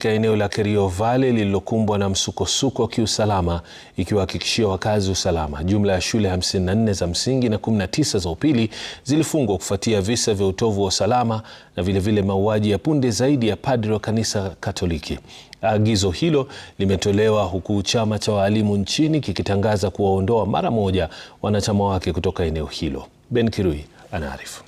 Katika eneo la Kerio Valley lililokumbwa na msukosuko wa kiusalama ikiwahakikishia wakazi usalama. Jumla ya shule 54 za msingi na 19 za upili zilifungwa kufuatia visa vya utovu wa usalama na vilevile mauaji ya punde zaidi ya padri wa kanisa Katoliki. Agizo hilo limetolewa huku chama cha waalimu nchini kikitangaza kuwaondoa mara moja wanachama wake kutoka eneo hilo. Ben Kirui anaarifu.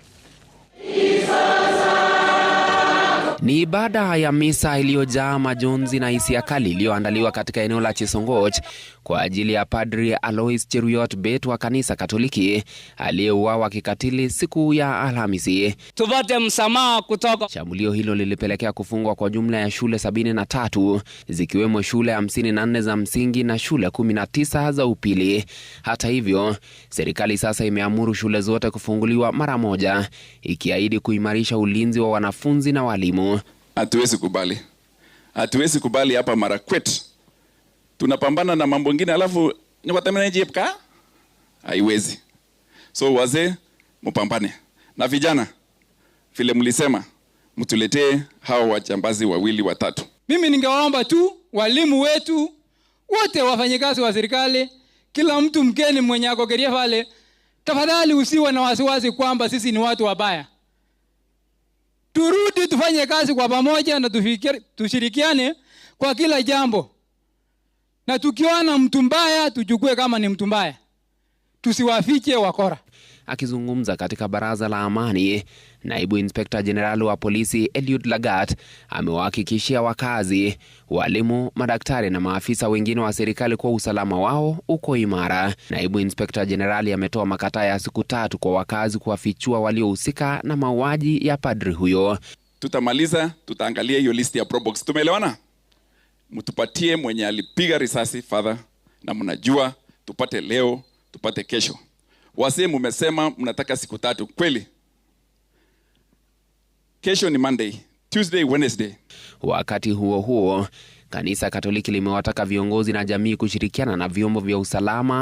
Ni ibada ya misa iliyojaa majonzi na hisia kali iliyoandaliwa katika eneo la Chesongoch kwa ajili ya Padri Alois Cheruyot Bet wa kanisa Katoliki aliyeuawa kikatili siku ya Alhamisi. Tupate msamaha kutoka. Shambulio hilo lilipelekea kufungwa kwa jumla ya shule 73 zikiwemo shule 54 za msingi na shule 19 za upili. Hata hivyo, serikali sasa imeamuru shule zote kufunguliwa mara moja, ikiahidi kuimarisha ulinzi wa wanafunzi na walimu hatuwezi kubali, hatuwezi kubali hapa mara kwetu, tunapambana na mambo mengine, alafu nikwatamnajepka haiwezi. So wazee mpambane, na vijana vile mlisema mtuletee hao wajambazi wawili watatu. Mimi ningewaomba tu walimu wetu wote, wafanyikazi wa serikali, kila mtu mgeni mwenye akogeria pale, tafadhali usiwe na wasiwasi kwamba sisi ni watu wabaya turudi tufanye kazi kwa pamoja na tushirikiane kwa kila jambo, na tukiona mtu mbaya tuchukue kama ni mtu mbaya tusiwafiche wakora. Akizungumza katika baraza la amani, naibu inspekta jenerali wa polisi Eliud Lagat amewahakikishia wakazi, walimu, madaktari na maafisa wengine wa serikali kwa usalama wao uko imara. Naibu inspekta jenerali ametoa makataa ya siku tatu kwa wakazi kuwafichua waliohusika na mauaji ya padri huyo. Tutamaliza, tutaangalia hiyo listi ya Probox. Tumeelewana? Mtupatie mwenye alipiga risasi fadha, na mnajua tupate leo tupate kesho. Wasee, mumesema mnataka siku tatu, kweli? Kesho ni Monday, Tuesday, Wednesday. Wakati huo huo, kanisa Katoliki limewataka viongozi na jamii kushirikiana na vyombo vya usalama